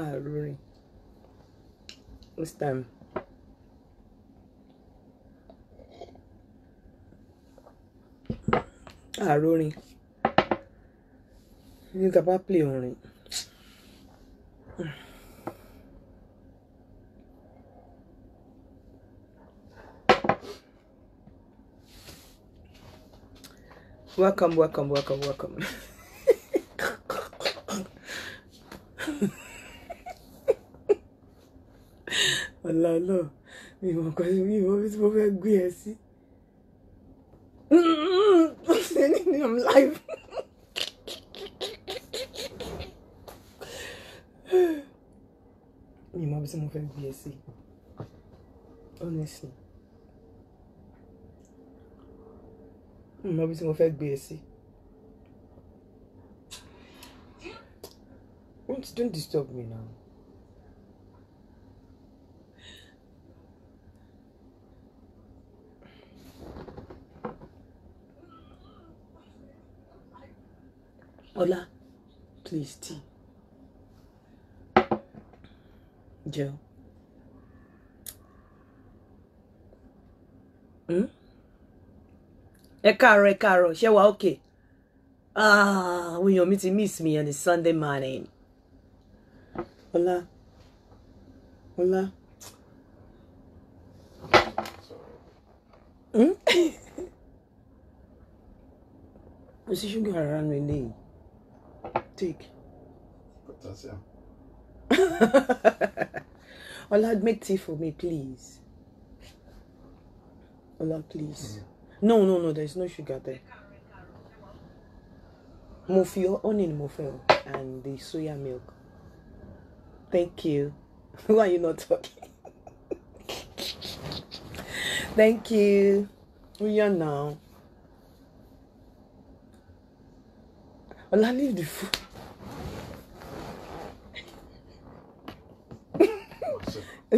àròrìn mr Ah àròrìn ah, you ká bá play it. Welcome, welcome, welcome, welcome. landlord mi mọ̀ nǹkan tí mi mọ̀ tí mo fẹ́ gbé ẹ sí. i'm live. mi mọ̀ tí mo fẹ́ gbé ẹ sí honestly mi mọ̀ tí mo fẹ́ gbé ẹ sí. don't disturb me now. Ola, please tea. Joe. Hmm? Ekaro, Ekaro. ẹ káàárọ̀, okay? Ah, àwọn èèyàn mi ti miss me on the Sunday morning. Ola. Ola. Hmm? Kò sí ṣúgà rárá nu eléyìí mistake. Potassium. Olad, make tea for me, please. Olad, please. Mm. No, no, no, there's no sugar there. Mo fi honey ni and the soya milk. Thank you. Why are you not talking? Thank you. We are now. Ola, leave the food.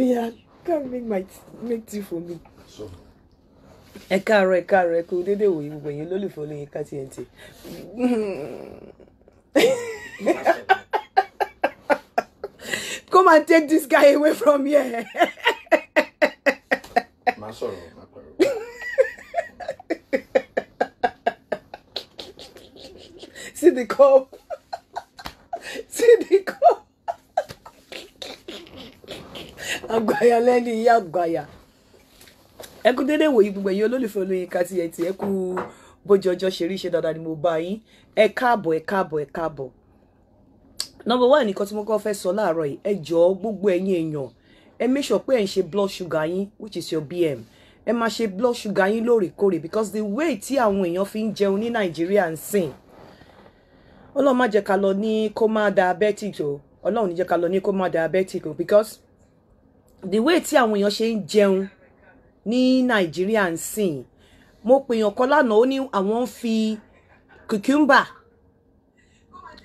yeah come make my make tea for me. ẹ káàárọ̀ ẹ káàárọ̀ ẹ kú dédé wòye gbogbo ẹ̀yin olólùfẹ́ olóyin ká tiẹ̀ tiẹ̀. come and take this guy away from here. má sọ̀rọ̀ má pẹ̀rọ. see the cup see the cup àgbàyà lẹ́ni ìyá àgbàyà ẹ kú dédé wòyí gbogbo ẹ̀yin olólùfẹ́ Olóyinka TNT ẹ kú bójú ọjọ́ ṣe rí ṣe dáadáa ni mo bá yín ẹ káàbọ̀ ẹ káàbọ̀ ẹ káàbọ̀ number one nìkan tí mo kọ́ fẹ́ sọ láàárọ̀ yìí ẹ jọ̀ọ́ gbogbo ẹ̀yin èèyàn ẹ make sure pé ẹ ń ṣe blood sugar yín which is your BM ẹ máa ṣe blood sugar yín lóòrèkóòrè because the way tí àwọn èèyàn fi ń jẹun ní Nàìjíríà ń sìn Ọlọ́run má jẹ́ ká lọ ní kó má diabetic o Ọlọ́run ní jẹ́ ká lọ ní kó má diabetic o because the way tí àwọn èèyàn ṣe ń jẹun ní nàìjíríà ń sìn mo pèèyàn kan lánàá ó ní àwọn ń fi cucumber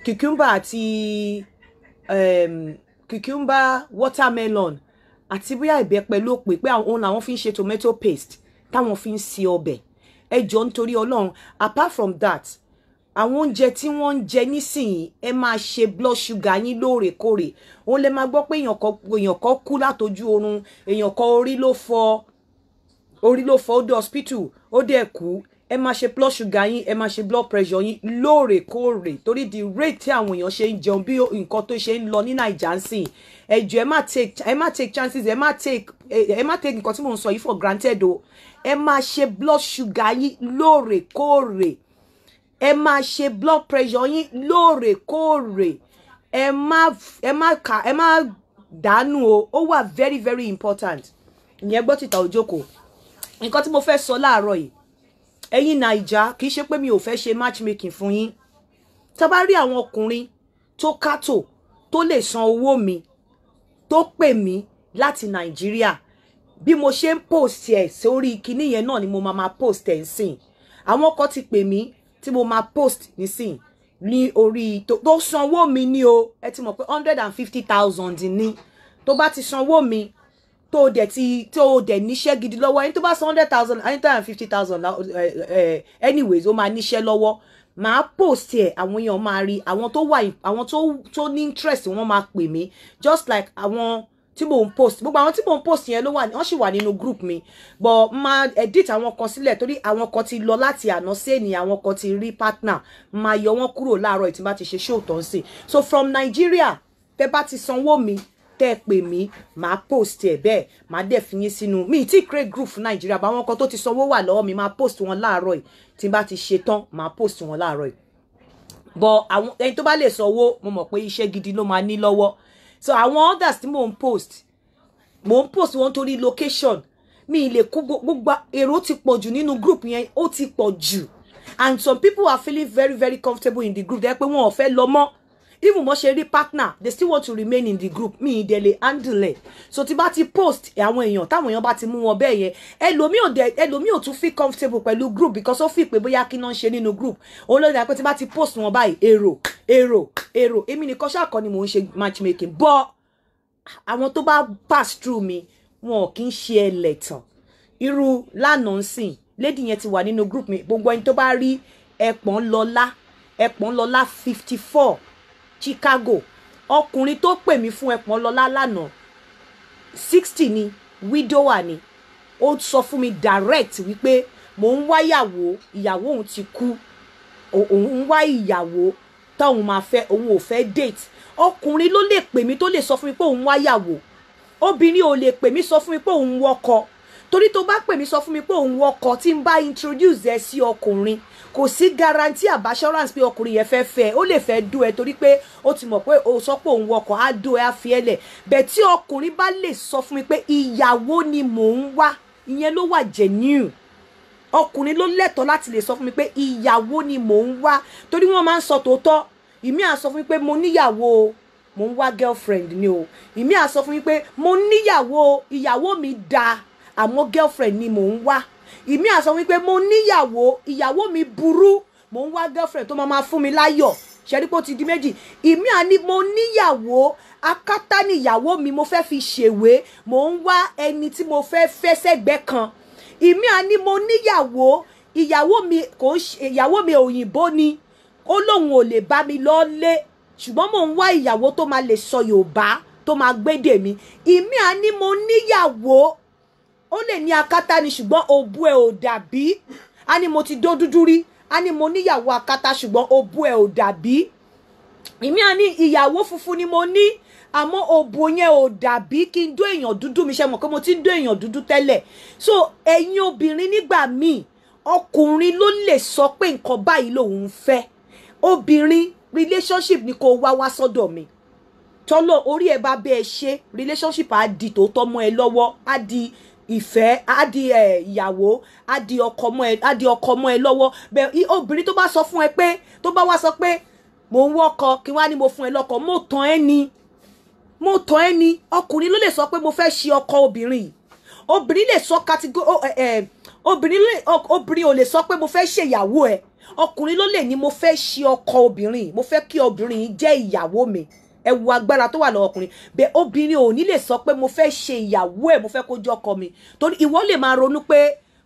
cucumber àti um, cucumber watermelon àti bóyá ìbẹ́pẹ ló pè pé àwọn làwọn fi ń ṣe tomato paste táwọn fi ń ṣe ọbẹ̀ ẹ jọ nítorí ọlọ́run apart from that àwọn oúnjẹ tí wọ́n ń jẹ nísìnyí ẹ máa ṣe blood sugar yín lóòrèkóòrè òun lè máa gbọ́ pé èèyàn kan kú látojú oorun èèyàn kan orí ló fọ́ orí ló fọ́ ó dé hospital ó dẹ̀ kú ẹ máa ṣe blood sugar yín ẹ máa ṣe blood pressure yín lóòrèkóòrè torí di rate tí àwọn èèyàn ṣe ń jẹun bí nǹkan tó ṣe ń lọ ní nàìjà ń sìn ẹ ẹ má take ẹ má take chances ẹ má take ẹ má take nǹkan tí mò ń sọ yìí for granted o ẹ máa ṣe blood sugar yín lóòrèkóòrè ẹ máa ṣe blood pressure yín lóòrèkóòrè ẹ má ẹ má kà ẹ má dànù o ó wà very very important ìyẹn gbọ́ títà òjòkó nǹkan tí mo fẹ́ sọ láàárọ̀ yìí ẹ̀yin naija kì í ṣe pé mi ò fẹ́ ṣe matchmaking fún yín tá bá rí àwọn ọkùnrin tó kátó tó lè san owó mi tó pè mí láti nàìjíríà bí mo ṣe ń post ẹ̀ sórí kinní yẹn náà ni mo máa máa post ẹ̀ ń sìn àwọn kan ti pè mí tí mo máa post nísìn ní orí to sanwó mi ní o ẹ ti mọ̀ pé hundred and fifty thousand ní tó bá ti sanwó mi to o dẹ̀ ti tó o dẹ̀ gidi lọ́wọ́ ẹni to ba san hundred thousand ẹni tó fifty thousand anyways ó máa níṣẹ́ lọ́wọ́ ma post ẹ àwọn èèyàn máa rí àwọn tó wà àwọn tó tó ní interest wọ́n máa pè mí just like àwọn tí mò ń post gbogbo àwọn tí mò ń post yẹn ló wà wọ́n sì wà nínú group mi but máa edit àwọn kan sílẹ̀ torí àwọn kan ti lọ láti àná sí ènìyàn àwọn kan ti rí partner máa yọ wọ́n kúrò láàárọ̀ ìtì bá ti ṣe show tó ń so from Nigeria tẹ bá ti sanwó mi tẹ́ ẹ pè mí màá post ẹ̀ bẹ́ẹ̀ màá dẹ̀ fi yín sínú mi tí create group fún nàìjíríà bá wọn kan tó ti sanwó wà lọ́wọ́ mi màá post wọn láàárọ̀ yìí tí n bá ti ṣe tán màá post wọn láàárọ̀ yìí bọ̀ àwọn ẹni tó bá lè sanwó mo mọ̀ pé iṣẹ́ gidi ló máa ní lọ́wọ́ so àwọn others tí mò ń post mò ń post wọn torí location mi lè kú gbogbo èrò ti pọ̀ jù nínú group yẹn ó ti pọ̀ jù and some people are feeling very very comfortable in the group dẹ́ pé wọn ò fẹ́ lọ mọ́ even mo ṣe rí partner they still want to remain in the group mi ìdẹ̀ lè handle ẹ̀ so tí bá ti post àwọn èèyàn táwọn èèyàn bá ti mú wọn bẹ́ẹ̀ yẹn ẹlòmíì ò dẹ̀ ẹlòmíì ò tún feel comfortable pẹ̀lú group because ó fi pé bóyá kí náà ń ṣe nínú group òun ló dà pé tí ti post wọn báyìí èrò èrò èrò èmi nìkan ṣàkọ ni mò ń ṣe matchmaking but àwọn tó bá pass through mi wọn kì í ṣe ẹlẹ́tàn irú lánàá ń sìn lady yẹn ti wà nínú group mi gbogbo ẹni tó bá rí ẹ̀pọ̀n lọ́lá ẹ̀pọ̀n lọ́lá fifty four Chicago ọkùnrin tó pè mí fún ẹpọn lọlá lánàá sixty ni widowa ni ó sọ fún mi direct wípé mò ń wáyàwó ìyàwó òun ti kú òun ń wá ìyàwó táwọn máa fẹ́ òun ò fẹ́ date ọkùnrin ló lè pè mí tó lè sọ fún mi pé òun wáyàwó obìnrin ò lè pè mí sọ fún mi pé òun wọkọ torí tó bá pè mí sọ fún mi pé òun ọkọ tí ń bá introduce ẹ sí ọkùnrin kò sí guarantee abassurance pé ọkùnrin yẹn fẹ́ fẹ́ ó lè fẹ́ dó ẹ torí pé ó ti mọ̀ pé ó sọ pé òun ọkọ á dó ẹ á fi ẹ lẹ̀ bẹ́ẹ̀ tí ọkùnrin bá lè sọ fún mi pé ìyàwó ni mò ń wá ìyẹn ló wà genuine ọkùnrin ló lẹ́tọ̀ọ́ láti lè sọ fún mi pé ìyàwó ni mò ń wá torí wọ́n máa ń sọ tòótọ́ ìmí à sọ fún mi pé mo níyàwó mo ń wá girlfriend ni o ìmí à sọ fún mi pé mo níyàwó ìyàwó mi dáa àmọ́ girlfriend ni mò ń wá ìmí àsọ wípé mo níyàwó ìyàwó mi burú mò ń wá girlfriend tó máa máa fún mi láyọ̀ ṣẹ́rípò ti di méjì ìmí àní mo níyàwó akátá níyàwó mi mo fẹ́ fi ṣèwé mò ń wá ẹni tí mo fẹ́ fẹ́ sẹ́gbẹ́ kan ìmí àní mo níyàwó ìyàwó mi kò ìyàwó mi òyìnbó ni ó lóun ò lè bá mi lọ lé ṣùgbọ́n mò ń wá ìyàwó tó máa lè sọ Yorùbá tó máa gbédè mi ìmí àní mo níyàwó ó lè ní akátá ni ṣùgbọ́n òbú ẹ̀ ò dàbí a ní mo ti dó dúdú rí a ní mo níyàwó akátá ṣùgbọ́n òbú ẹ̀ ò dàbí ìmí àní ìyàwó funfun ni mo ní àmọ́ òbò yẹn ò dàbí kí n dó èèyàn dúdú mi ṣe mọ̀ pé mo ti ń dó èèyàn dúdú tẹ́lẹ̀ so ẹ̀yin obìnrin nígbà míì ọkùnrin ló lè sọ pé nǹkan báyìí lòun fẹ́ obìnrin relationship ni kò wá wá sọ́dọ̀ mi tọ́lọ̀ orí ẹ bá bẹ́ ṣe relationship á di tòótọ́ mọ́ ẹ lọ́wọ́ á di ìfẹ́ á di ìyàwó á di ọkọ mọ́ ẹ á di ọkọ mọ́ ẹ lọ́wọ́ bẹ́ẹ̀ obìnrin tó bá sọ fún ẹ pé tó bá wá sọ pé mò ń wọ́kọ kí wá ní mo fún ẹ lọ́kọ mo tàn ẹ́ ni mo tàn ẹ́ ni ọkùnrin ló lè sọ pé mo fẹ́ ṣe ọkọ obìnrin obìnrin lè sọ category obìnrin lè obìnrin ò lè sọ pé mo fẹ́ ṣèyàwó ẹ ọkùnrin ló lè ní mo fẹ́ ṣe ọkọ obìnrin mo fẹ́ kí obìnrin jẹ́ ìyàwó mi ẹ wo agbára tó wà lọ́wọ́ ọkùnrin bẹ́ẹ̀ obìnrin ò ní lè sọ pé mo fẹ́ ṣe ìyàwó ẹ̀ mo fẹ́ kó jẹ́ ọkọ mi torí ìwọ lè máa ronú pé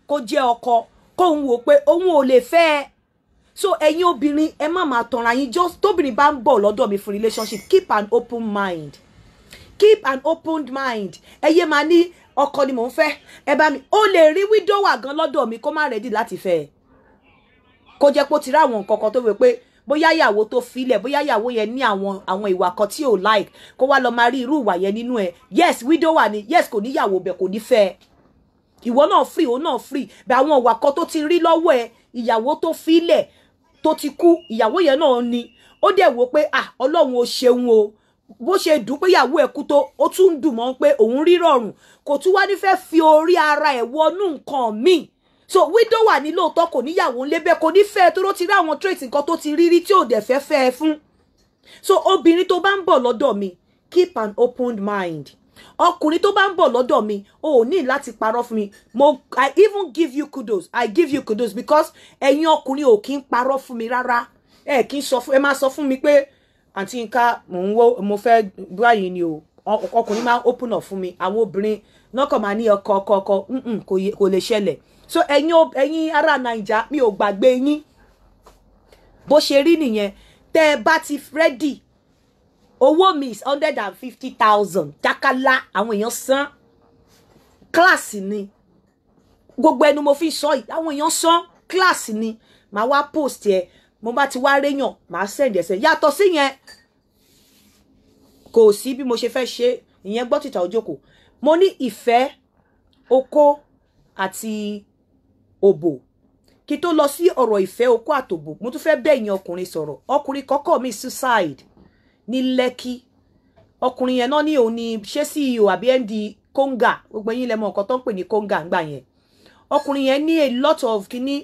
kó jẹ́ ọkọ kóun wò pé òun ò lè fẹ́ ẹ so ẹ̀yin obìnrin ẹ má máa tanra yín just tóbìnrin bá ń bọ̀ lọ́dọ̀ mi fún relationship keep an open mind keep an open mind ẹ yé máa ní ọkọ ni mò ń fẹ́ ẹ bá mi ó lè rí wíńdò gan lọ́dọ̀ mi kó má rẹ́dì láti fẹ́ ẹ kó jẹ́ pé ó ti rí àwọn nǹkan kan tó wẹ̀ pé bóyá ìyàwó tó filẹ̀ bóyá ìyàwó yẹn ní àwọn àwọn ìwà kan tí ò like kó wá lọ máa rí irú ìwà yẹn nínú ẹ yes widower ni yes kò níyàwó bẹ̀ kò ní fẹ́ ìwọ náà free òun náà free bẹ̀ àwọn ìwà kan tó ti rí lọ́wọ́ ẹ ìyàwó tó filẹ̀ tó ti kú ìyàwó yẹn náà ni ó dẹ̀ wò pé ah ọlọ́run ó ṣeun o bó ṣe dùn pé ìyàwó ẹ̀ kú tó ó tún dùn mọ́ pé òun rírọ̀rùn kò tún wá ní fẹ́ fi orí ara ẹ̀ wọnú nǹkan míì so widow wà ní lóòótọ́ kò níyàwó ńlé bẹ́ẹ̀ kò ní fẹ́ ẹ tó ló ti rí àwọn trait nǹkan tó ti rí rí tí ò dẹ̀ fẹ́ fẹ́ ẹ fún so obìnrin tó bá ń bọ̀ lọ́dọ̀ mi keep an open mind ọkùnrin tó bá ń bọ̀ lọ́dọ̀ mi o ò ní láti parọ́ fún mi mo i even give you kudos i give you kudos because ẹ̀yin ọkùnrin ò kí ń parọ́ fún mi rárá ẹ kí ń sọ fún ẹ máa sọ fún mi pé àǹtí nǹka mo fẹ́ báyìí ni o ọkùnrin máa open up fún mi àwọn obìnrin nọkàn máa ní ọkọ ọkọ ọkọ kò lè ṣẹlẹ̀ so ẹ̀yin ará naija mi ò gbàgbé yín bó ṣe rí nìyẹn tẹ́ ẹ bá ti rẹ́dì owó mi is hundred and fifty thousand jákàlá àwọn èèyàn san kíláàsì ni gbogbo ẹnu mo fi sọ yìí àwọn èèyàn san kíláàsì ni màá wá post ẹ mo bá ti wá réyàn màá send ẹsẹ yàtọ̀ sí yẹn kò sí bí mo ṣe fẹ́ ṣe ìyẹn gbọ́ tìta òjòkó mo ní ìfẹ́ okó àti òbò kí tó lọ sí ọ̀rọ̀ ìfẹ́ okó àtòbò mo tún fẹ́ bẹ́ẹ̀ ọkùnrin sọ̀rọ̀ ọkùnrin kọ́kọ́ mi suicide ní Lẹ́kì ọkùnrin yẹn náà ní òun ni ṣé CEO àbí MD Konga gbogbo yín lẹ mọ̀ tó ń pè ní Konga ńgbà yẹn ọkùnrin yẹn ní a lot of kíní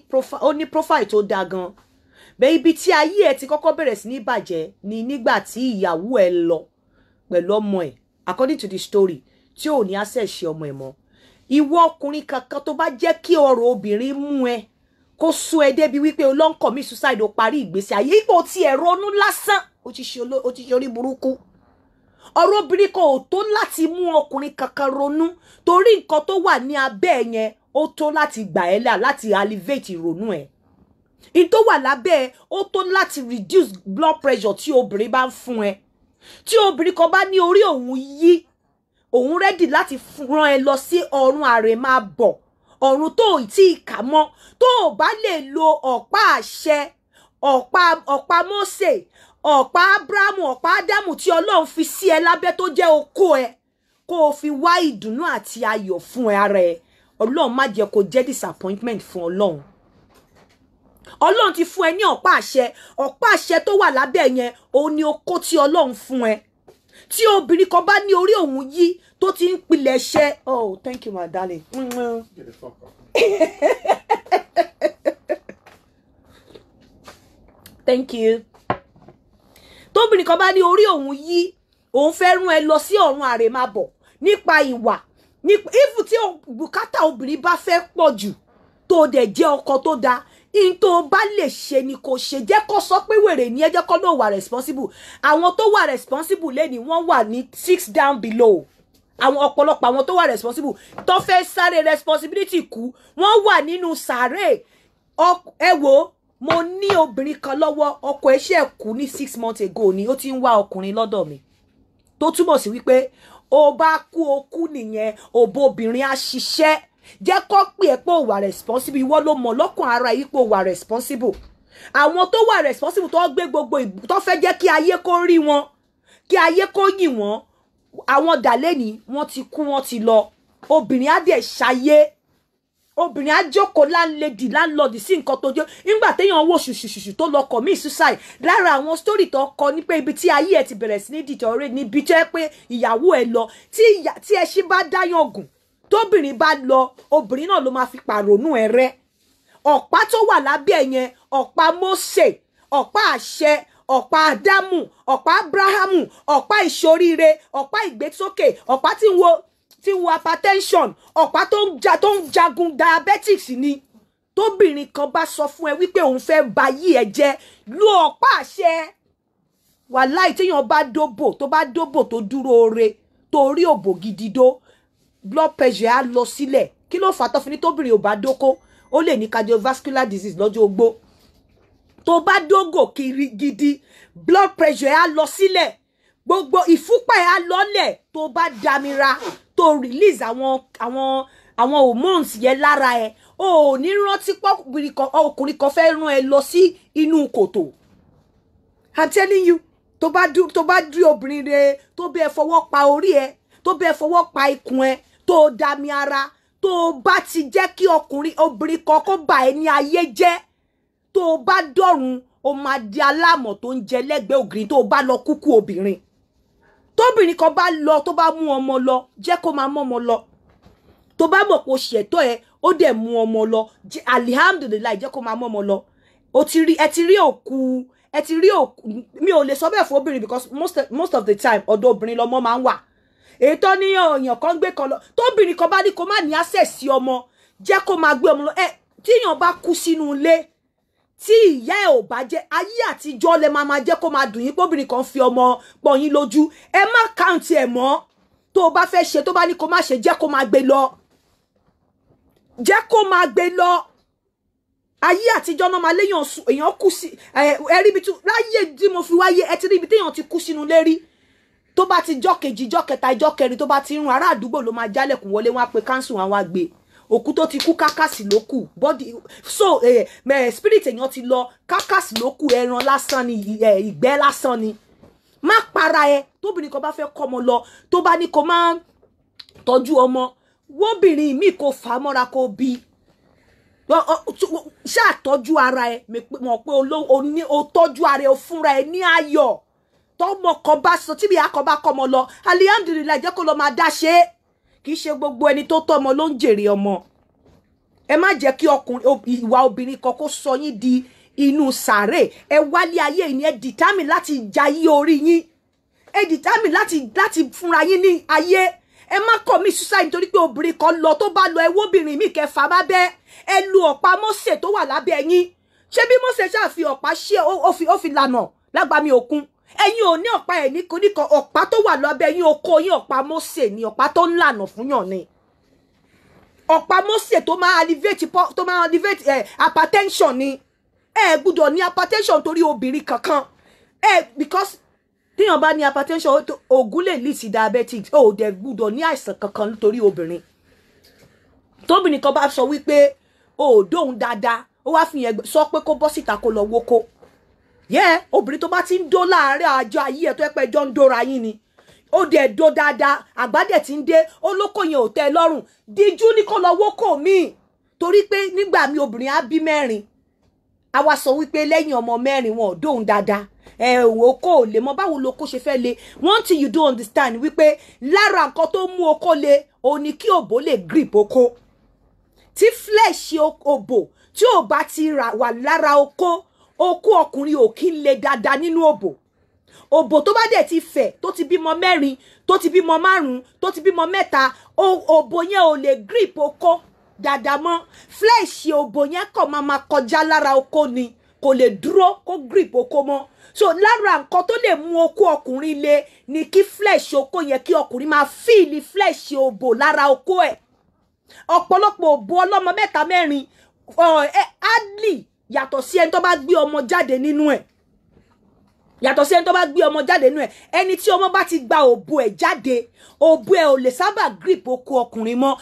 ó ní profile tó dáa gan bẹ́ẹ̀ ibi tí ayé ẹ̀ ti kọ́kọ́ bẹ̀rẹ̀ sí ní bàjẹ́ ni nígbà tí ìyàwó ẹ̀ lọ pẹ̀lú ọmọ ẹ̀ according to the story tí ò ní àṣẹṣe ọmọ ẹ̀ mọ́ ìwọ ọkùnrin kankan tó bá jẹ́ kí ọ̀rọ̀ obìnrin mú ẹ kó sún ẹ débi wípé olóńkọ̀ mi suicide ó parí ìgbésí ayé ipò tí ẹ ronú lásán ó ti ṣe orí burúkú ọ̀rọ̀ obìnrin kan ò tó láti mú ọkùnrin kankan ronú torí nǹkan tó wà ní abẹ́ yẹn ó tó láti gbà ẹ́ là láti alleviate ìrònú ẹ̀ in tó wà lábẹ́ ó tó láti reduce blood pressure tí obìnrin bá ń fún ẹ tí obìnrin kan bá ní orí òun yí òun rẹ́dì láti ran ẹ lọ sí ọ̀run àrè máa bọ̀ ọ̀run tó ì tí ì kà mọ́ tó o bá lè lo ọ̀pá àṣẹ ọ̀pá ọ̀pá Mósè ọ̀pá Ábúráhámù ọ̀pá Ádámù tí Ọlọ́run fi sí ẹ lábẹ́ tó jẹ́ okó ẹ kó o fi wá ìdùnnú àti ayọ̀ fún ẹ ara ẹ Ọlọ́run má jẹ́ kó jẹ́ disappointment fún Ọlọ́run Ọlọ́run ti fún ẹ ní ọ̀pá àṣẹ ọ̀pá àṣẹ tó wà lábẹ́ yẹn òun ni okó tí Ọlọ́run fún ẹ tí obìnrin kan bá ní orí òun yí tó ti ń pilẹ̀ ṣe oh thank you my darling. thank you. tóbìnrin kan bá ní orí òun yí òun fẹ́ rún ẹ lọ sí ọ̀run àrèmábọ̀ nípa ìwà nípa ìfù tí bùkátà obìnrin bá fẹ́ pọ̀ jù tó dẹ̀ jẹ́ ọkọ tó dáa in tó bá lè ṣe ni kò ṣe jẹ́ kó sọ pé wèrè ní ẹjẹ́ kọ́ náà wà responsible àwọn tó wà responsible lẹ́ni wọ́n wà ní six down below àwọn ọ̀pọ̀lọpọ̀ àwọn tó wà responsible tó fẹ́ sáré responsibility kú wọ́n wà nínú sàárè ẹ wo mo ní obìnrin kan lọ́wọ́ ọkọ ẹṣẹ́ kú ní six months ago ni ó ti ń wá ọkùnrin lọ́dọ̀ mi tó túmọ̀ sí wípé o bá kú o kú nìyẹn òbobìnrin á ṣiṣẹ́ jẹ́ kó pè ẹ́ pé ó wà responsible ìwọ ló mọ̀ lọ́kàn ara yìí pé ó wà responsible àwọn tó wà responsible tó gbé gbogbo tó fẹ́ jẹ́ kí ayé kó rí wọn kí ayé kó yìn wọn àwọn dàlẹ́ni wọ́n ti kú wọ́n ti lọ obìnrin á dẹ̀ ṣayé obìnrin á jókòó láńlẹ́dì láńlọ́dì sí nǹkan tó jẹ́ nígbà téèyàn wò ṣùṣùṣùṣù tó lọ commit suicide lára àwọn story tó kọ ní pé ibi tí ayé ẹ ti bẹ̀rẹ̀ sí ní dìtọ̀ rẹ̀ níbi tó yẹ pé ìyàwó ẹ lọ tí ẹ ṣe bá dáyàn gùn tóbìnrin bá lọ obìnrin náà ló máa fi pàrònú ẹ rẹ ọ̀pá tó wà lábẹ́ yẹn ọ̀pá Mósè ọ̀pá àṣẹ ọ̀pá Ádámù ọ̀pá Ábúráhámù ọ̀pá ìṣoríire ọ̀pá ìgbésókè ọ̀pá tí ń wo tí ń wo hypertension ọ̀pá tó ń ja tó ń jagun diabetics ni tóbìnrin kan bá sọ fún ẹ wípé òun fẹ́ ba yí ẹ jẹ́ lu ọ̀pá àṣẹ wàláì téèyàn bá dóbò tó bá dóbò tó dúró ore torí òbò gidi dó blood pressure á lọ sílẹ̀ kí ló fà tọ́fin ní tóbìnrin ò bá dóko ó lè ní cardiovascular disease lọ́jọ́ ogbó tó bá dógò kiri gidi blood pressure á lọ sílẹ̀ gbogbo ìfúnpá ẹ̀ á lọ́lẹ̀ tó bá damira tó release àwọn àwọn àwọn hormones yẹn lára ẹ̀ o ò ní rántí pọ́kùnrin kan ọkùnrin kan fẹ́ rán ẹ lọ sí inú kòtò i'm telling you tó bá dí obìnrin rẹ tó bẹ́ẹ̀ fọwọ́ pa orí ẹ tó bẹ́ẹ̀ fọwọ́ pa ikùn ẹ tó o dami ara tó o bá ti jẹ́ kí ọkùnrin obìnrin kan kó bà ẹ́ ní ayé jẹ́ tó o bá dọ̀run o máa di aláàmọ̀ tó ń jẹ lẹ́gbẹ̀ẹ́ ògiri tó o bá lọ kúkú obìnrin tóbìnrin kan bá lọ tó bá mú ọmọ lọ jẹ́ kó máa mọ́ ọmọ lọ tó bá mọ̀ pé o ṣẹ̀tọ́ ẹ ó dẹ̀ mú ọmọ lọ alihamdulilayi jẹ́ kó máa mọ́ ọmọ lọ o ti rí ẹ ti rí òkú ẹ ti rí òkú mi ò lè sọ bẹ́ẹ̀ fún obìnrin because most, most of the time ọ̀dọ̀ obìnrin lọmọ máa ń wà ètò ní èèyàn kan gbé kan lọ tóbìnrin kan bá ní kó má ní access sí ọmọ jẹ́ kó máa gbé ọmọ lọ ẹ tíyàn bá kú sínú ilé tí ìyá ẹ ò bá jẹ ayé àtijọ́ lẹ máa máa jẹ́ kó máa dùn yín póbìnrin kan fi ọmọ pọ̀ yín lójú ẹ má káùntì ẹ̀ mọ́ tó o bá fẹ́ ṣe tó bá ní kó má ṣe jẹ́ kó máa gbé lọ jẹ́ kó máa gbé lọ ayé àtijọ́ náà máa léèyàn èèyàn kú sí ẹ rí ibi tí láyé tí mo fi wáyé ẹ ti rí téèyàn ti kú sínú lérí tó bá ti jọ́ kejì jọ́ kẹta jọ́ kẹrin tó bá ti rún ará àdúgbò ló máa jálẹ̀kùn wọlé wọn á pe council wọn á gbé òkú tó ti kú kákàsì ló kù body so eh, me, spirit èèyàn ti lọ kákàsì ló kù ẹran lásán ni eh, ìgbẹ́ lásán ni má para ẹ tóbìnrin kan bá fẹ́ kọ́ ọmọ lọ tó bá ní kó máa tọ́jú ọmọ wóbìnrin míì kò fà á mọ́ra kó bí ṣáà tọ́jú ara ẹ mọ̀ pé o tọ́jú ara ẹ fúnra ẹ ní ayọ̀ tọmọ kan bá sọ tíbi akọba kọmọ lọ alihamdulilayi jẹ́ kó lọ máa dá ṣe é kì í ṣe gbogbo ẹni tó tọ́ ọmọ ló ń jèrè ọmọ ẹ má jẹ́ kí ọkùnrin ìwà obìnrin kan kó sọ yín di inú sàárè ẹ wálé ayé yìí ẹ dìtámì láti jayé orí yín ẹ dìtámì láti láti fúnra yín ní ayé ẹ má commit suicide nítorí pé obìnrin kan lọ tó bá lọ ẹ wóbìnrin míì kẹfà má bẹ ẹ lu ọ̀pá Mósè tó wà lábẹ́ yín ṣé bí Mósè ṣáà fi ọ̀pá ṣe ó fi lànà lágbàmì òkun ẹ̀yin ò ní ọ̀pá ẹ̀ ní koríko ọ̀pá tó wà lọ́bẹ̀ yín oko yín ọ̀pá Mósè ni ọ̀pá tó ń lànà fún yàn ni ọ̀pá Mósè tó máa alleviate tó máa alleviate ẹ̀ eh, hypertension ni ẹ eh, gbúdọ̀ ní hypertension torí obìnrin kankan ẹ eh, because téèyàn bá ní hypertension oògùn lè lead sí diabetes ò dẹ̀ gbúdọ̀ ní àìsàn kankan nítorí obìnrin tóbìnrin kan bá sọ wípé òòdóhùn dáadáa ó wá fi yẹn sọ pé kó bọ́ síta kó lọ wóko yẹ obìnrin tó bá ti ń dó láàárẹ̀ àjọ ayé ẹ̀ tó yẹ pé ẹjọ́ ń dóra yín ni ó dẹ̀ dó dáadáa àgbàdẹ̀ ti ń dé olóko yẹn ò tẹ́ lọ́rùn díjú ní kó lọ wókò míì torí pé nígbà mi obìnrin á bí mẹ́rin àwa sọ wípé lẹ́yìn ọmọ mẹ́rin wọn ò dóhun dáadáa ẹ wò kó o lè mọ báwo loko ṣe fẹ́ le one thing you do understand wípé lára nǹkan tó mú oko le o ní kí òbò lè grip oko tí flesh òbò tí ò bá ti rà wà lára oko okó ọkùnrin ò kí ń le dáadáa nínú òbò òbò tó bá dẹ̀ ti fẹ̀ tó ti bímọ mẹ́rin tó ti bímọ márùn-ún tó ti bímọ o òbò yẹn ò lè grip okó dáadáa mọ́ flẹ́ẹ̀ṣì òbò yẹn kàn máa ma kọjá lára okó ni kò lè dúró kó grip okó mọ́ so lara nǹkan tó lè mú okó ọkùnrin le ni kí flẹ́ẹ̀ṣì okó yẹn ma ọkùnrin flesh fíìlì flẹ́ẹ̀ṣì òbò lára okó ẹ̀ ọ̀pọ̀lọpọ̀ meta ọlọ́mọ mẹ́ta eh adli yàtọ̀ sí ẹni tó bá gbé ọmọ jáde nínú ẹ̀ yàtọ̀ sí ẹni tó bá gbé ọmọ jáde nínú ẹ̀ ẹni tí ọmọ bá ti gba òbò ẹ̀ jáde òbò ẹ̀ ò lè sábà grip oko ọkùnrin mọ́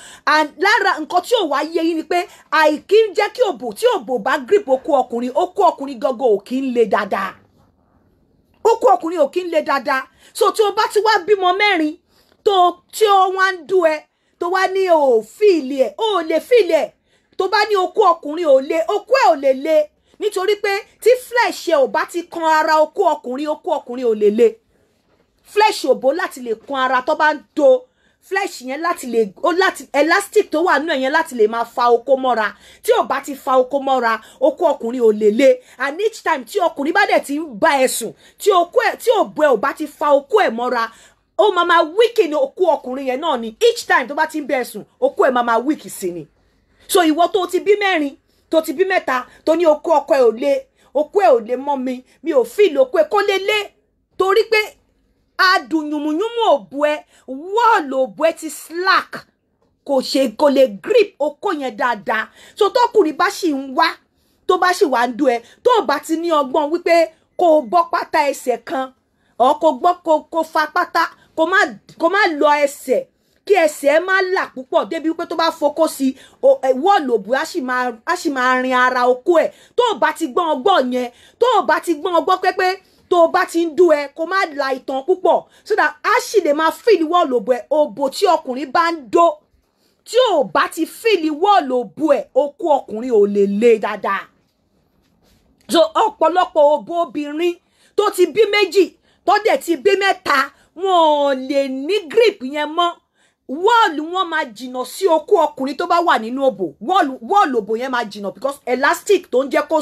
lára nǹkan tí ò wá yé yín ni pé àìkí ń jẹ́ kí òbò tí òbò bá grip oko ọkùnrin oko ọkùnrin gangan ò kí ń le dáadáa oko ọkùnrin ò kí ń le dáadáa so tí o bá ti wá bímọ mẹ́rin tó tí o wá ń dú ẹ tó wá ní o ò fíìlì ẹ o ò lè fíìlì ẹ tó bá ní okó ọkùnrin ò le okó ẹ̀ ò lè le nítorí pé tí flesh ẹ̀ ò bá ti kan ara okó ọkùnrin okó ọkùnrin ò lè le flesh òbó láti lè kan ara tó bá ń do flesh yẹn láti lè ó láti elastic tó wà nínú ẹ̀ yẹn láti lè máa fa okó mọ́ra tí ò bá ti fa okó mọ́ra okó ọkùnrin ò lè le and each time tí ọkùnrin bá dẹ̀ ti ń bá ẹ sùn tí okó ẹ̀ tí òbó ẹ̀ ò bá ti fa okó ẹ̀ mọ́ra ó máa máa wíkì ní okó ọkùnrin yẹn náà ni each time tó bá ti ń bẹ̀ sùn okó ẹ̀ máa máa wíkì sí ni so ìwọ tó ti bí mẹ́rin tó ti bí mẹ́ta tó ní okó ọkọ ẹ̀ ò le okó ẹ̀ ò le mọ́ mi mi ò fi ìlò okó ẹ̀ kó lè lé torí pé adùnyùmùnyùmù òbú ẹ wọ́ọ̀lù òbú ẹ ti slack kò ṣe kò lè grip okó yẹn dáadáa so tọkùnrin bá sì ń wá tó bá sì wá ń dún ẹ tó bá ti ní ọgbọ́n wípé kó bọ́ pátá ẹsẹ̀ kan ọ̀ kó gbọ́ kó fa pátá kó má lọ ẹsẹ̀ kí ẹsẹ̀ ẹ má là púpọ̀ débi pé tó bá fokó sí wọ́ọ̀lù òbú á sì máa rin ara oko ẹ̀ tó o bá ti gbọ́n ọgbọ́n yẹn tó o bá ti gbọ́n ọgbọ́n pẹ́pẹ́ tó o bá ti ń dú ẹ kó má la ìtàn púpọ̀ so that á sì lè máa fìlì wọ́ọ̀lù òbú ẹ òbò tí ọkùnrin bá ń dó tí o bá ti fìlì wọ́ọ̀lù òbú ẹ okó ọkùnrin ò lè le dáadáa so ọ̀pọ̀lọpọ̀ òbò obìnrin tó ti bí méjì tó dẹ̀ ti bí mẹ́ta wọn ò lè ní grip yẹn mọ́ wọ́ọ̀lù wọn máa jìnnà sí okó ọkùnrin tó bá wà nínú òbò wọ́ọ̀lù wọ́ọ̀lù òbò yẹn máa jìnnà because elastic tó ń jẹ́ kó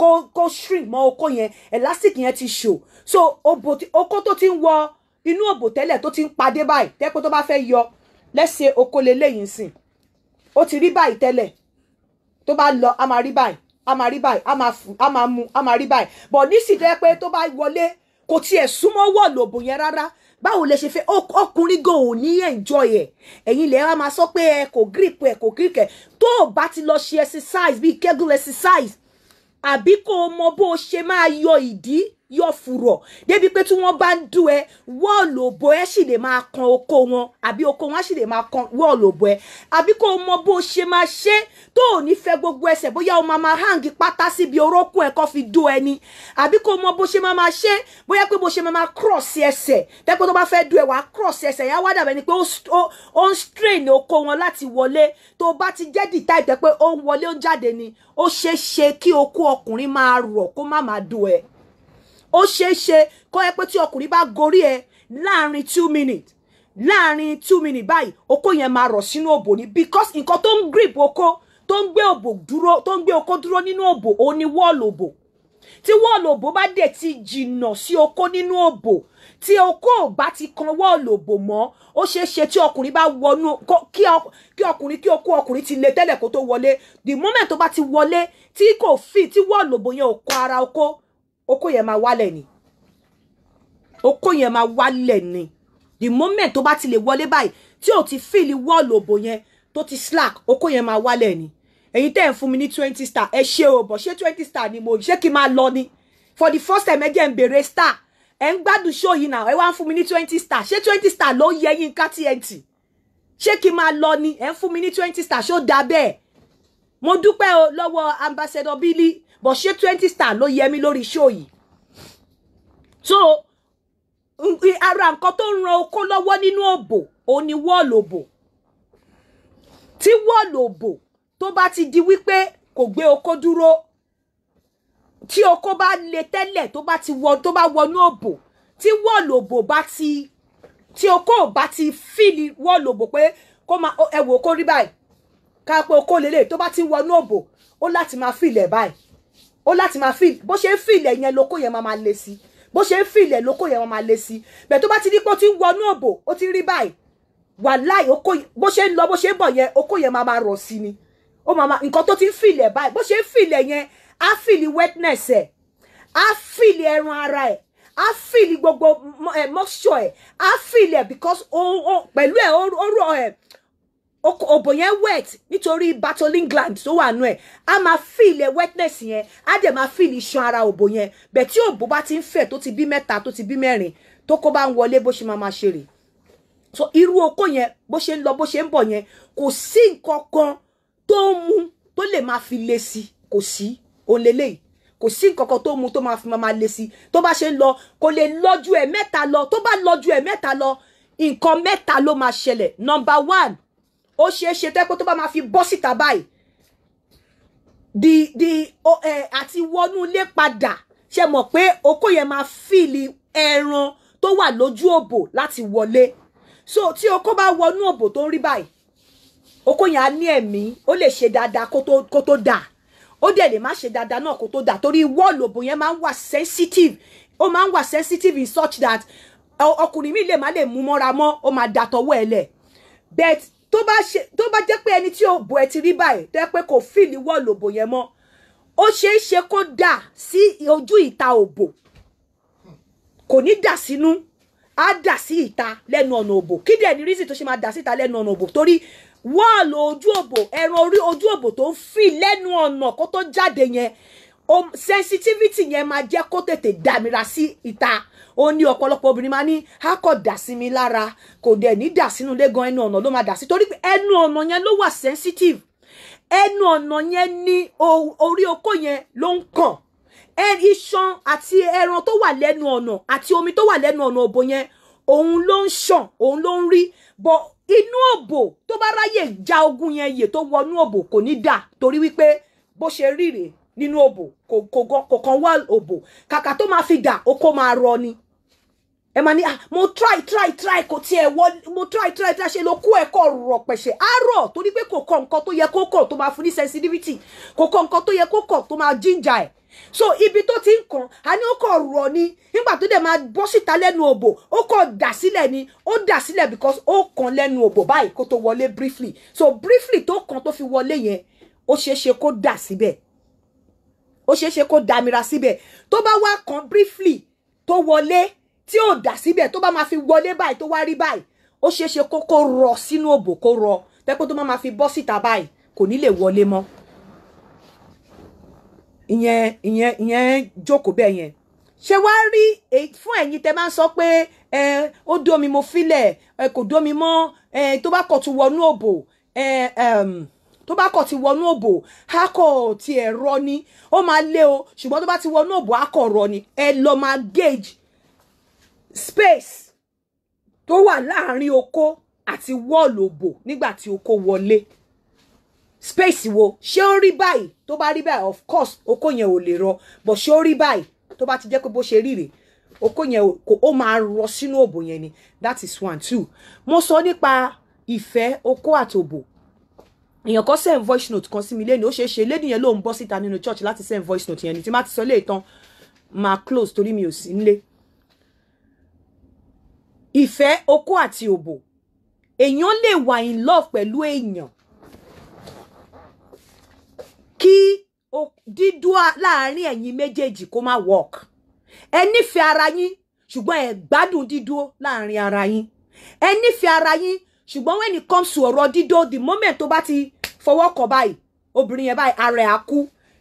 kó kó shrink mọ́ okó yẹn elastic yẹn ti show so òbò okó tó ti ń wọ inú òbò tẹ́lẹ̀ tó ti ń padé báyìí tẹ́pẹ́ tó bá fẹ́ yọ lẹ́sẹ̀ okó leléyìí sìn ó ti rí báyìí tẹ́lẹ̀ tó bá lọ a máa rí báyìí a máa rí báyìí a máa fún a máa mu a máa rí báyìí but nísìnyí tẹ́pẹ́ tó bá wọlé kò tiẹ̀ súnmọ́ wọ́ọ̀lù òbò yẹn rárá báwo lẹ ṣe fẹ́ ọkùnrin gan ò ní enjoy ẹ̀ ẹ̀yin lẹ wá máa sọ pé ẹ kò grip ẹ kò grip ẹ tó o bá ti lọ ṣe exercise bíi kegel exercise àbí kó o mọ bó o ṣe máa yọ ìdí yọ̀ fùrọ̀ débi pé tí wọ́n bá ń dú ẹ wọ́ọ̀lù òbò ẹ sì lè máa kan oko wọn àbí oko wọn sì lè máa kan wọ́ọ̀lù òbò ẹ àbí kó o mọ bó o ṣe máa ṣe tó o ní fẹ́ gbogbo ẹsẹ̀ bóyá o máa máa hàǹgì pátá síbi orókùn ẹ kó fi dú ẹ ni àbí kó o mọ bó ṣe máa máa ṣe bóyá pé bó ṣe máa máa cross ẹsẹ̀ tẹ́pẹ́ tó bá fẹ́ dú ẹ wàá cross ẹsẹ̀ yá wádà bẹ́ẹ̀ ni pé ó ń strain oko wọn láti wọlé tó bá ti jẹ́ dìtá ìtẹ́ pé ó ń wọlé ó ń jáde ni ó ṣeé ṣe kí oko ọkùnrin máa rọ̀ kó má máa dú ẹ ó ṣeé ṣe kó yẹ pé tí ọkùnrin bá gorí ẹ láàrin two minutes láàrin two minutes báyìí Oko yẹn máa rọ̀ sínú òbò ni because nǹkan tó ń grip oko tó ń gbé òbò dúró tó ń gbé okó dúró nínú òbò òun ni wọ́ọ̀lù òbò tí wọ́ọ̀lù òbò bá dẹ̀ ti jìnnà sí okó nínú òbò tí okó ò bá ti kan wọ́ọ̀lù òbò mọ́ ó ṣeé ṣe tí ọkùnrin bá wọnú kí ọkùnrin kí okó ọkùnrin ti le tẹ́lẹ̀ kó tó wọlé the moment tó bá ti wọlé tí kò fi tí wọ́ọ̀lù òbò yẹn ò kọ ara okó oko yẹn máa wálẹ̀ ni oko yẹn máa wálẹ̀ ni the moment tó bá ti lè wọlé báyìí tí ò ti fíìlì wọ́ọ̀lù òbò yẹn tó ti slack oko yẹn máa wálẹ̀ ni èyí tẹ́ ẹ̀ fún mi ní twenty star ẹ ṣe o bọ̀ ṣé twenty star ni mo ṣé kí n máa lọ ni for the first time ẹ jẹ́ ń bèrè star ẹ ń gbádùn ṣó yìí náà ẹ wá ń fún mi ní twenty star ṣé twenty star ló yẹ yín ká TNT ṣé kí n máa lọ ni ẹ ń fún mi ní twenty star ṣó dáa bẹ́ẹ̀ mo dúpẹ́ o lọ́wọ́ ambassador Billy but ṣé twenty star ló yẹ mí lórí show yìí so ara nǹkan tó ń ran okó lọ́wọ́ nínú òbò òun ni wọ́ọ̀lù òbò tí wọ́ọ̀lù òbò tó bá ti di wípé kò gbé okó dúró tí okó bá le tẹ́lẹ̀ tó bá ti wọ tó bá wọnú òbò tí wọ́ọ̀lù òbò bá ti tí okó bá ti fìlì wọ́ọ̀lù òbò pé kó máa ẹ̀wò okó rí báyìí ká pé okó lélẹ̀ tó bá ti wọnú òbò ó láti máa fìlẹ̀ báyìí ó láti máa fi bó ṣe ń feel ẹ̀yẹn lóko yẹn máa máa le sí bó ṣe ń lóko yẹn máa máa le bá ti rí ti ń wọnú òbò ó ti rí báyìí wàláì bó ṣe ń lọ bó ṣe ń bọ̀ yẹn okó yẹn máa máa rọ̀ sí ni ó máa nǹkan tó ti ń feel ẹ̀ báyìí bó ṣe ń feel ẹ̀ yẹn á feel wetness ẹ̀ á ara ẹ̀ á feel gbogbo mọ́ṣọ̀ ẹ̀ á feel ẹ̀ because pẹ̀lú ẹ̀ ó rọ̀ ẹ̀ òbò yẹn wet nítorí battling gland tó wà nù ẹ̀ a máa feel ẹ̀ wetness yẹn a dẹ̀ máa feel iṣan ara òbò yẹn bẹ̀ tí òbò bá ti ń fẹ̀ tó ti bí mẹ́ta tó ti bí mẹ́rin tó kó bá ń wọlé bó ṣe máa máa ṣe rè so irú oko yẹn bó ṣe ń lọ bó ṣe ń bọ̀ yẹn kò sí nǹkan kan tó mú tó lè máa fi le sí kò sí òǹlẹ́lẹ́yìí kò sí nǹkan kan tó mú tó máa fi máa le sí tó bá ṣe ń lọ kò lè lọ́jú ẹ̀ mẹ́ta lọ tó bá lọ́jú ẹ̀ mẹ́ta lọ nǹkan mẹ́ta ló máa ṣẹlẹ̀ number one ó ṣeé ṣe tẹ́pẹ́ tó bá máa fi bọ́ síta báyìí di di àti wọnú ilé padà ṣe mọ̀ pé okó yẹn máa fìlì ẹran tó wà lójú òbò láti wọlé so tí okó bá wọnú òbò tó ń rí báyìí okó yẹn á ní ẹ̀mí ó lè ṣe dáadáa kó tó dà ó dẹ̀ lè má ṣe dáadáa náà kó tó dà torí wọ́ọ̀lù òbò yẹn máa ń wà sensitive ó máa ń wà sensitive in such that ọkùnrin mi lè má lè mú mọ́ra mọ́ ó máa dàtọ̀wọ́ ẹ̀ lẹ̀ but tó bá ṣe tó bá jẹ́ pé ẹni tí ó bò ẹ ti rí báyìí tó yẹ pé kò fìlì wọ́ọ̀lù òbò yẹn mọ́ ó ṣeé ṣe kó dà sí ojú ìta òbò kò ní dà sínú á dà sí ìta lẹ́nu ọ̀nà òbò kí dẹ̀ ní rísì tó ṣe máa dà síta lẹ́nu ọ̀nà òbò torí wọ́ọ̀lù ojú òbò ẹran orí ojú òbò tó ń fì lẹ́nu ọ̀nà kó tó jáde yẹn sensitivity yẹn máa jẹ́ kó tètè dàmíra sí ìta ó ní ọ̀pọ̀lọpọ̀ obìnrin máa ní a kò dà sí mi lára kò dẹ̀ ní dà sínú ilé ẹnu ọ̀nà ló máa dà sí torí pé ẹnu ọ̀nà yẹn ló wà sensitive ẹnu ọ̀nà yẹn ní orí okó yẹn ló ń kàn iṣan àti ẹran tó wà lẹ́nu ọ̀nà àti omi tó wà lẹ́nu ọ̀nà òbò yẹn òun ló ń ṣàn òun ló ń rí bọ́ inú òbò tó bá ráyè ja ogun yẹn yè tó wọnú òbò kò ní dà torí wípé bó ṣe rí nínú òbò kò kò kò kàn wá òbò kàkà tó máa fi dà oko máa rọ ni ẹ máa ní ah mo try try try kò tiẹ̀ wọ mo try try try ṣe ló kó ẹ̀kọ́ rọ̀ pẹ̀ṣẹ̀ àárọ̀ torí pé kò kọ nǹkan tó yẹ kó kọ̀ tó máa fún ní sensitivity kò kọ nǹkan tó yẹ kó kọ̀ tó máa jíjà ẹ̀ so ibi tó ti ń kàn á ní ó kọ̀ rọ̀ ni nígbà tó dẹ̀ máa bọ́ síta lẹ́nu òbò ó kọ̀ dà sílẹ̀ ni ó dà sílẹ̀ because ó kàn lẹ́nu òbò báyìí kó tó wọlé briefly so briefly tó kàn tó fi wọlé yẹn ó ṣeéṣe kó dà síbẹ̀ ó ṣeéṣe kó dàmíra síbẹ̀ tó bá wá kàn briefly tó wọlé tí ò dà síbẹ̀ tó bá máa fi wọlé báyìí tó wá rí báyìí ó ṣeé ṣe kó kó rọ sínú òbò kó rọ tẹ́pẹ́ tó bá máa fi bọ́ síta báyìí kò ní lè wọlé mọ́ ìyẹn ìyẹn ìyẹn jókòó bẹ́ẹ̀ yẹn ṣé wàá rí fún ẹ̀yin tẹ́ máa ń sọ pé ẹ ó dómi mo filẹ̀ ẹ kò dómi mọ́ ẹ tó bá kọ̀ tún wọnú òbò ẹ tó bá kọ̀ ti wọnú òbò á tiẹ̀ rọ ni ó máa lé o ṣùgbọ́n tó bá ti wọnú òbò á kọ̀ rọ ni ẹ lọ máa gauge space tó wà láàárín oko àti wọ́ọ̀lù òbò nígbà tí oko wọlé space wo ṣé ó rí báyìí tó bá rí báyìí of course oko yẹn ò lè rọ but ṣé ó rí báyìí tó bá ti jẹ́ pé bó ṣe rí rèé oko yẹn kò ó máa rọ sínú òbò yẹn ni that is one two mo sọ nípa ìfẹ́ oko àtòbò èèyàn kan send voice note kan sí mi lẹ́nu ó ṣeé ṣe lẹ́nu yẹn ló ń bọ́ síta nínú church láti send voice note yẹn ni tí má ti sọ léètàn máa close torí mi ò sí nílé ìfẹ́ okó àti òbò èèyàn lè wà in love pẹ̀lú èèyàn kí dídú láàrin ẹ̀yin méjèèjì kó má work ẹ nífẹ̀ẹ́ ara yín ṣùgbọ́n ẹ gbádùn dídú láàrin ara yín ẹ nífẹ̀ẹ́ ara yín ṣùgbọ́n when it comes to ọ̀rọ̀ dídó the moment tó bá ti fọwọ́ kọ báyìí obìnrin yẹn báyìí ara ẹ̀ á kú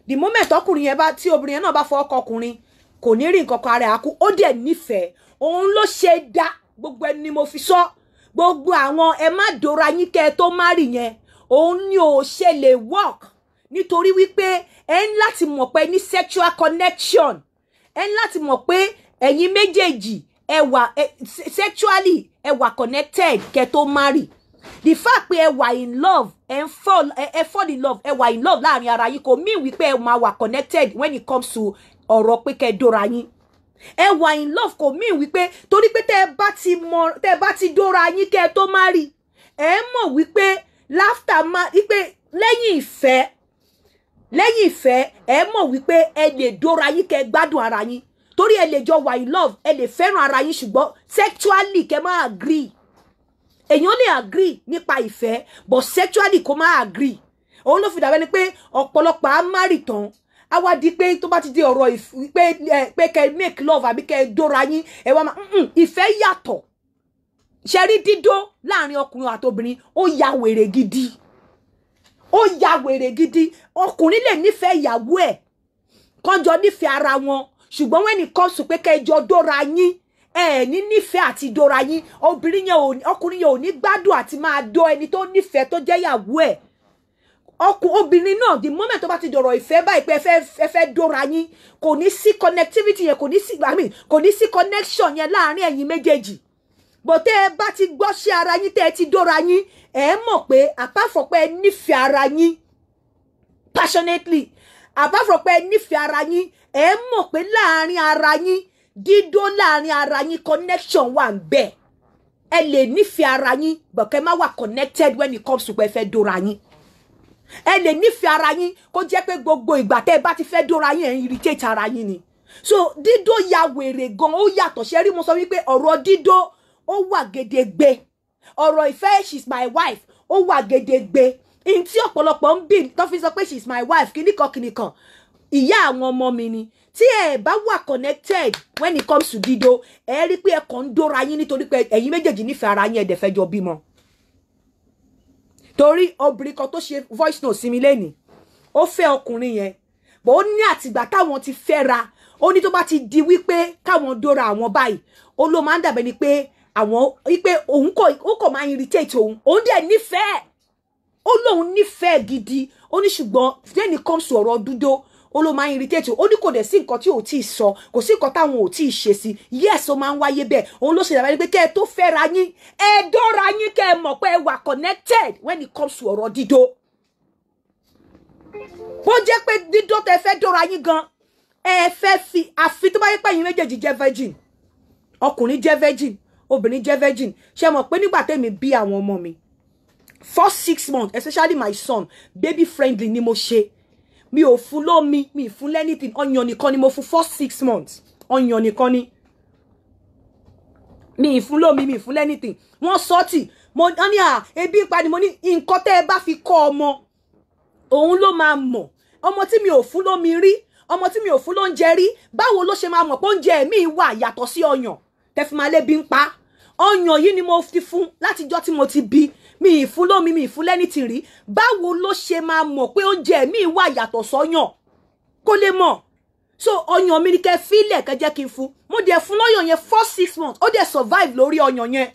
the moment ọkùnrin yẹn bá tí obìnrin yẹn náà bá fọwọ́ kọ ọkùnrin kò ní rí nǹkan kan ara ẹ̀ á kú ó dẹ̀ nífẹ̀ẹ́ òun ló ṣe dáa gbogbo ẹni mo fi sọ gbogbo àwọn ẹ má dora yín kẹ tó má rì yẹn òun ni ò ṣe lè work nítorí wípé ẹ ń láti mọ̀ pé ní sexual connection ẹ ń láti mọ̀ pé ẹ̀yin méjèèjì ẹ wà sexually ẹ wà connected kẹ tó má rì the fact pé ẹ wà in love ẹ fall ẹ fall in love ẹ wà in love láàrin ara yín kò mean wípé ẹ máa wà connected when it comes to ọ̀rọ̀ pé kẹ́ dóra yín ẹ wà in love kò mí wípé torí pé tẹ́ ẹ bá ti mọ̀ tẹ́ ẹ bá ti dóra yín kẹ́ ẹ tó má rí ẹ mọ̀ wípé laughter má wípé lẹ́yìn ìfẹ́ lẹ́yìn ìfẹ́ ẹ mọ̀ wípé ẹ lè dóra yín kẹ́ ẹ gbádùn ara yín torí ẹ lè jọ wà in love ẹ lè fẹ́ràn ara yín ṣùgbọ́n sexually kẹ́ má agree èèyàn lè agree nípa ìfẹ́ but sexually kò má agree òun ló fi dàbẹ́ ni pé ọ̀pọ̀lọpọ̀ á má rì tán a wá di pé tó bá ti di ọ̀rọ̀ pé pé kẹ make love àbí kẹ dóra yín ẹ wá máa ìfẹ́ yàtọ̀ ṣe rí dídó láàrin ọkùnrin àtobìnrin ó ya wèrè gidi ó ya wèrè gidi ọkùnrin lè nífẹ̀ẹ́ ìyàwó ẹ̀ kọjọ nífẹ̀ẹ́ ara wọn ṣùgbọ́n wẹ́n nìkan sùn pé kẹjọ dóra yín ẹ ní nífẹ̀ẹ́ àti dóra yín obìnrin yẹn ọkùnrin yẹn ò ní gbádùn àti máa dó ẹni tó nífẹ̀ẹ́ tó jẹ́ ìyàwó ẹ̀ ọkùn obìnrin náà the moment tó bá ti dọ̀rọ̀ ìfẹ́ báyìí pé ẹ fẹ́ dóra yín kò ní sí connectivity yẹn kò ní sí I mean kò ní sí connection yẹn láàrin ẹ̀yin méjèèjì bó tẹ́ ẹ bá ti gbọ́ sí ara yín tẹ́ ẹ ti dóra yín ẹ mọ̀ pé àbáfọ̀pẹ́ ẹ nífẹ̀ẹ́ ara yín passionately àbáfọ̀pẹ́ ẹ nífẹ̀ẹ́ ara yín ẹ mọ̀ pé láàrin ara yín dídó láàrin ara yín connection wà ń bẹ ẹ lè nífẹ̀ẹ́ ara yín bọ̀kẹ́ má wà connected when it comes to pé ẹ fẹ́ dóra yín ẹ lè nífẹ̀ẹ́ ara yín kó jẹ́ pé gbogbo ìgbà tẹ́ ẹ bá ti fẹ́ dóra yín ẹ̀ irritate ara yín ni so dídó ya wèrè gan ó yàtọ̀ ṣe rí mo sọ wípé ọ̀rọ̀ dídó ó wà gedegbe ọ̀rọ̀ ìfẹ́ she's my wife ó wà gedegbe in tí ọ̀pọ̀lọpọ̀ ń bì tó fi sọ pé she's my wife kìnìkan kìnìkan ìyá àwọn ọmọ mi ni tí ẹ bá wà connected when it comes to dídó ẹ rí pé ẹ kàn ń dóra yín nítorí pé ẹ̀yin méjèèjì nífẹ̀ẹ́ ara yín ẹ̀ dẹ̀ fẹ́ jọ bímọ torí obìnrin kan tó ṣe voice note sí mi lẹ́nìí ó fẹ́ ọkùnrin yẹn bó ó ní àtìgbà táwọn ti fẹ́ra ó ní tó bá ti di wípé káwọn dóra àwọn báyìí ó ló máa ń dàbẹ́ ni pé àwọn wípé òun kò ó kò máa irritate òun òun dẹ̀ nífẹ̀ẹ́ ó lóun nífẹ̀ẹ́ gidi ó ní ṣùgbọ́n then it comes to ọ̀rọ̀ dúdó ó ló máa ń irritate ó ní kò dẹ̀ sí nǹkan tí ò tí ì sọ kò sí nǹkan táwọn ò tí ì ṣe sí yes ó máa ń wáyé bẹ́ẹ̀ òun ló ṣe dàbí pé kẹ́ ẹ tó fẹ́ra yín ẹ dọ́ra yín kẹ́ ẹ mọ̀ pé ẹ wà connected when it comes to ọ̀rọ̀ dídó bó jẹ́ pé dídó tẹ fẹ́ dọ́ra yín gan ẹ fẹ́ fi àfi tó bá yẹ pé ẹ̀yin méjèèjì jẹ́ virgin ọkùnrin jẹ́ virgin obìnrin jẹ́ virgin ṣe mọ̀ pé nígbà tẹ́mi bí àwọn ọmọ mi for six months especially my son baby friendly ni mo ṣe mi ò fún lómi mi fún anything ọyàn nìkan ni mo fún for six months ọyàn nìkan ni mi fún lómi mi fún anything wọ́n sọ́ọ̀tì mo ní à ebi ń pa ni mo ní nǹkan tẹ́ ẹ bá fi kọ́ ọmọ òun ló máa mọ̀ ọmọ tí mi ò fún lómi rí ọmọ tí mi ò fún lóúnjẹ rí báwo ló ṣe máa mọ̀ pé oúnjẹ mi wà yàtọ̀ sí ọyàn tẹ́ fi máa lébi ń pa á ọyàn yìí ni mo ti fún látijọ́ tí mo ti bí mi ìfún lómi mi ìfún lẹ́ni tìrí báwo ló ṣe máa mọ̀ pé oúnjẹ mi wà yàtọ̀ sọ́yàn kó lè mọ̀ so ọyàn mi ni kẹ́ fílẹ̀ kẹ́ jẹ́ kí n fún mo dẹ̀ fún lọ́yàn yẹn for six months ó dẹ̀ survive lórí ọyàn yẹn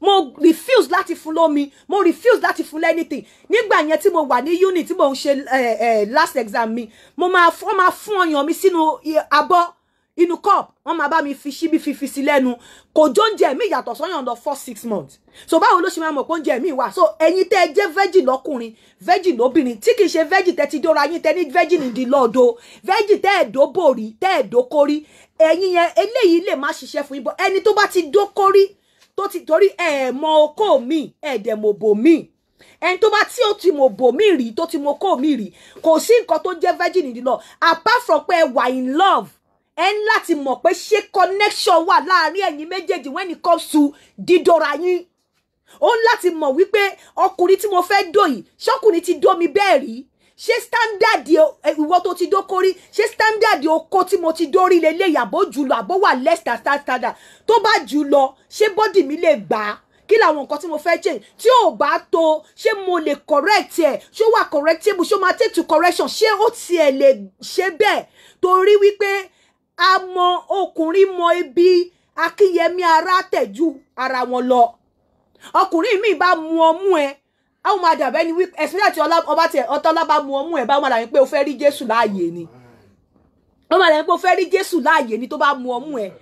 mo refuse láti fún lómi mo refuse láti fún lẹ́nìtì nígbà yẹn tí mo wà ní unit tí mo ń ṣe eh, eh, last exam mi mo máa fún ọyàn mi sínú eh, abọ́ Inu cup wọ́n máa bá mi fi síbi fífi sí lẹ́nu kò jó oúnjẹ mi yàtọ̀ sọ́yàn lọ for six months so báwo ló ṣe máa mọ̀ pé oúnjẹ mi wà so ẹ̀yin tẹ́ ẹ jẹ́ virgin lọ́kùnrin virgin lóbìnrin tí kì í ṣe virgin tẹ́ ti dóra yín tẹ́ ní virgin ìdí lọ́ọ̀dọ́ virgin tẹ́ ẹ̀ dóbòrí tẹ́ ẹ̀ dókórí ẹ̀yin yẹn eléyìí lè má ṣiṣẹ́ fún yín bọ́ ẹni tó bá ti dókórí tó ti torí ẹ̀ mọ okó mi e dẹ̀ mọ̀ bò mi ẹni tó bá tí ó ti mọ̀ bò mí rí tó ti mọ̀ okó mi ri kò sí nǹkan tó jẹ́ virgin ìdí lọ apart from pé ẹ wà in love ẹ ń láti mọ̀ pé ṣé connection wà láàárín ẹ̀yin méjèèjì when it comes to dídọ́ra yín ó ń láti mọ̀ wípé ọkùnrin tí mo fẹ́ dò yìí ṣọkùnrin ti dó mi bẹ́ẹ̀ rí ṣé standard ìwọ tó ti dókórí ṣé standard oko tí mo ti dórí lélẹ̀ yàbó jùlọ àbó wà less than standard tó bá jùlọ ṣé bọ́dì mi lè gbà á kí làwọn nǹkan tí mo fẹ́ change tí ò bá tó ṣé mo lè correct ẹ̀ ṣé ó wà correctable ṣé ó máa take to correction ṣé ó tiẹ̀ lè ṣe bẹ́ẹ̀ torí wípé a mọ ọkùnrin mọ ibi akínyẹmí ara tẹ̀jú ara wọn lọ ọkùnrin mi bá mu ọmú ẹ àwọn máa dàbẹ́ ni wípé ẹ̀sìn àti ọba tẹ ọtọ́lá bá mu ọmú ẹ bá wọn làwọn pé o fẹ́ rí jésù láàyè ni wọ́n máa dàbẹ́ pé o fẹ́ rí jésù láàyè ni tó bá mu ọmú ẹ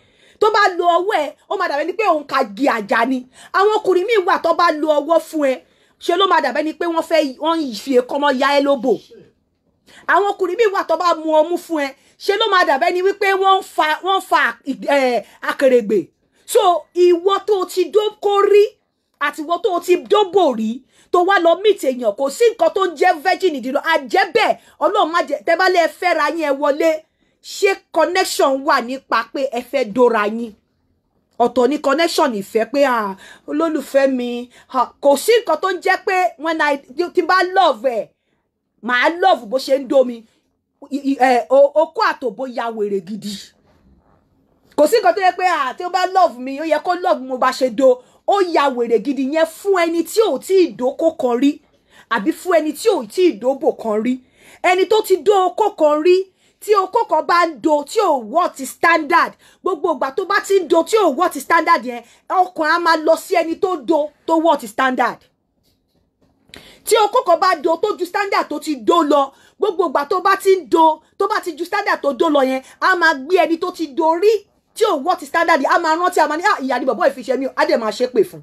tó bá lo ọwọ́ ẹ ó máa ni pé òun kà gé àjà ni àwọn ọkùnrin mi wà tó bá lo ọwọ́ fún ẹ ṣe ló máa dàbẹ́ ni pé wọ́n fẹ́ wọ́n fi èkó ọmọ ya ẹ lóbò àwọn ọkùnrin mi wà tó bá mu ọmú fún ẹ ṣe ló máa dàbẹ́ ni wípé wọ́n ń fa wọ́n ń fa akèrègbè so ìwọ tó ti dóko rí àtiwọ tó ti dóbò rí tó wá lọ meet èèyàn kò sí nǹkan tó ń jẹ́ virgin ìdìrọ̀ àjẹ́bẹ̀ ọlọ́run má jẹ́ tẹ́bálẹ̀ ẹ fẹ́ ra yín ẹ wọlé ṣé connection wà nípa pé ẹ fẹ́ dóra yín ọ̀tọ̀ ní connection ìfẹ́ pé olólùfẹ́ mi kò sí nǹkan tó ń jẹ́ pé when I tí bá love ẹ̀ màá love bó ṣe ń dó mi Eh, okó àtòbó ya wèrè gidi kò sí nǹkan tó yẹ pé àti ó bá love mi ó yẹ kó love mo bá ṣe do ó ya wèrè gidi yẹn fún ẹni tí ò tí ì dóko kan rí àbí fún ẹni tí ò tí ì dóbò kan rí ẹni tó ti dó okó kan rí tí okó kan bá ń do tí ò wọ́ ti standard gbogbo ìgbà tó bá ti ń do tí ò wọ́ ti standard yẹn ọkàn á máa lọ sí ẹni tó do tó wọ́ ti standard tí okó kan bá do tó ju standard tó ti do lọ gbogbo ìgbà tó bá ti ń do tó bá ti ju standard tó do lọ yẹn a máa gbé ẹni tó ti dorí tí ò wọ́ ti standard a máa rántí a máa ní ah, ìyá ni bọ̀bọ̀ ìfiṣẹ́ mi ò á dẹ̀ máa ṣépè fún un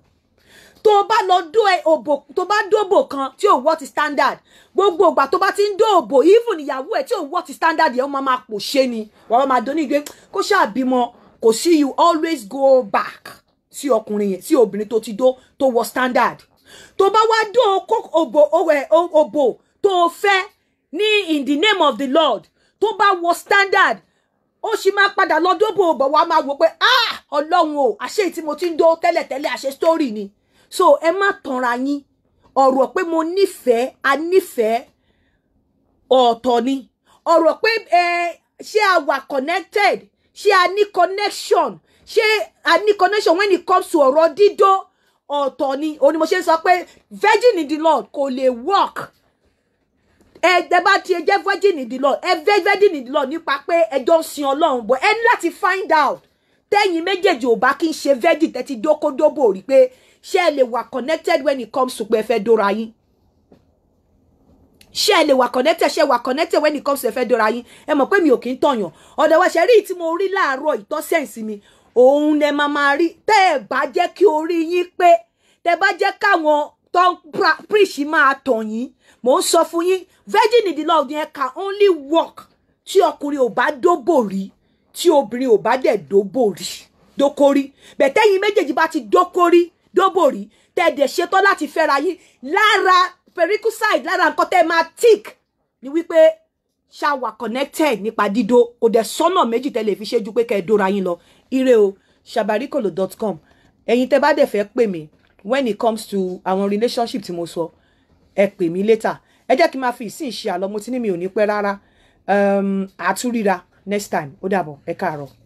tó bá lọ dó ẹ òbò tó bá dóbò kan tí ò wọ́ ti standard gbogbo ìgbà tó bá ti ń dó òbò even ìyàwó ẹ tí ò wọ́ ti standard yẹn ó máa máa pò ṣe ni wàá máa dóní ìgbé kó ṣàbímọ kò sí you always go back sí ọkùnrin yẹn sí obìnrin tó ti dó tó wọ́ standard tó bá wá dó òbò òbò tó fẹ́ ní in the name of the Lord tó bá wọ standard ó sì máa padà lọ dóbò bọ̀ wá máa wò pé ah ọlọ́run o àṣé tí mo ti ń dó tẹ́lẹ̀tẹ́lẹ̀ àṣé story ni so ẹ má tanra yín ọ̀rọ̀ pé mo nífẹ̀ẹ́ a nífẹ̀ẹ́ ọ̀tọ̀ ni ọ̀rọ̀ pé ẹ ṣé a wà connected ṣé a ní connection ṣé a ní connection when it comes to ọ̀rọ̀ dídó ọ̀tọ̀ ni òun mo ṣe ń sọ pé virgin in the Lord kò lè work ẹgbẹ́ bá ti jẹ́ virgin in the Lord ẹ fẹ́ virgin in the Lord nípa pé ẹjọ́ ń sin ọlọ́run bọ̀ ẹ ní láti find out tẹ́yìn méjèèjì ò bá kí n ṣe virgin tẹ́tí dókódóbò rí pé ṣé ẹ lè wà connected when it comes to pé ẹ fẹ́ dóra yín ṣé ẹ lè wà connected ṣé wà connected when it comes to ẹ fẹ́ dóra yín ẹ mọ̀ pé mi ò kí ń tọ̀yàn ọ̀dọ̀ wa ṣe rí tí mo rí láàárọ̀ ìtọ́sẹ̀nsì mi òun lẹ máa máa rí tẹ́ ẹ bá jẹ́ kí orí yín pé tẹ́ bá jẹ́ káwọn tó ń preach máa tàn yín mò ń sọ fún yín virgin the lord yẹn can only work tí ọkùnrin ò bá dóbò rí tí obìnrin ò bá dẹ̀ dóbò rí dókórí bẹ̀tẹ́yìn méjèèjì bá ti dókórí dóbò rí tẹ̀dẹ̀ ṣetán láti fẹ́ra yín lára pericoside lára nǹkan tẹ́ máa tick ni wípé ṣá wà connected nípa dídó kò dẹ̀ sọ́nà méjì tẹ́ lè fi ṣe ju pé kẹ́ ẹ dóra yín lọ ire o shabarikolo dot com ẹ̀yin tẹ́ bá dẹ̀ fẹ́ pè mí when it comes to àwọn relationship tí mo sọ ẹ pè mí later ẹ jẹ́ kí n máa fi ìsìn ṣe àlọ́ mo ti ní mi ò ní pẹ́ rárá àtúríra um, next time ó dàbọ̀ ẹ káàárọ̀.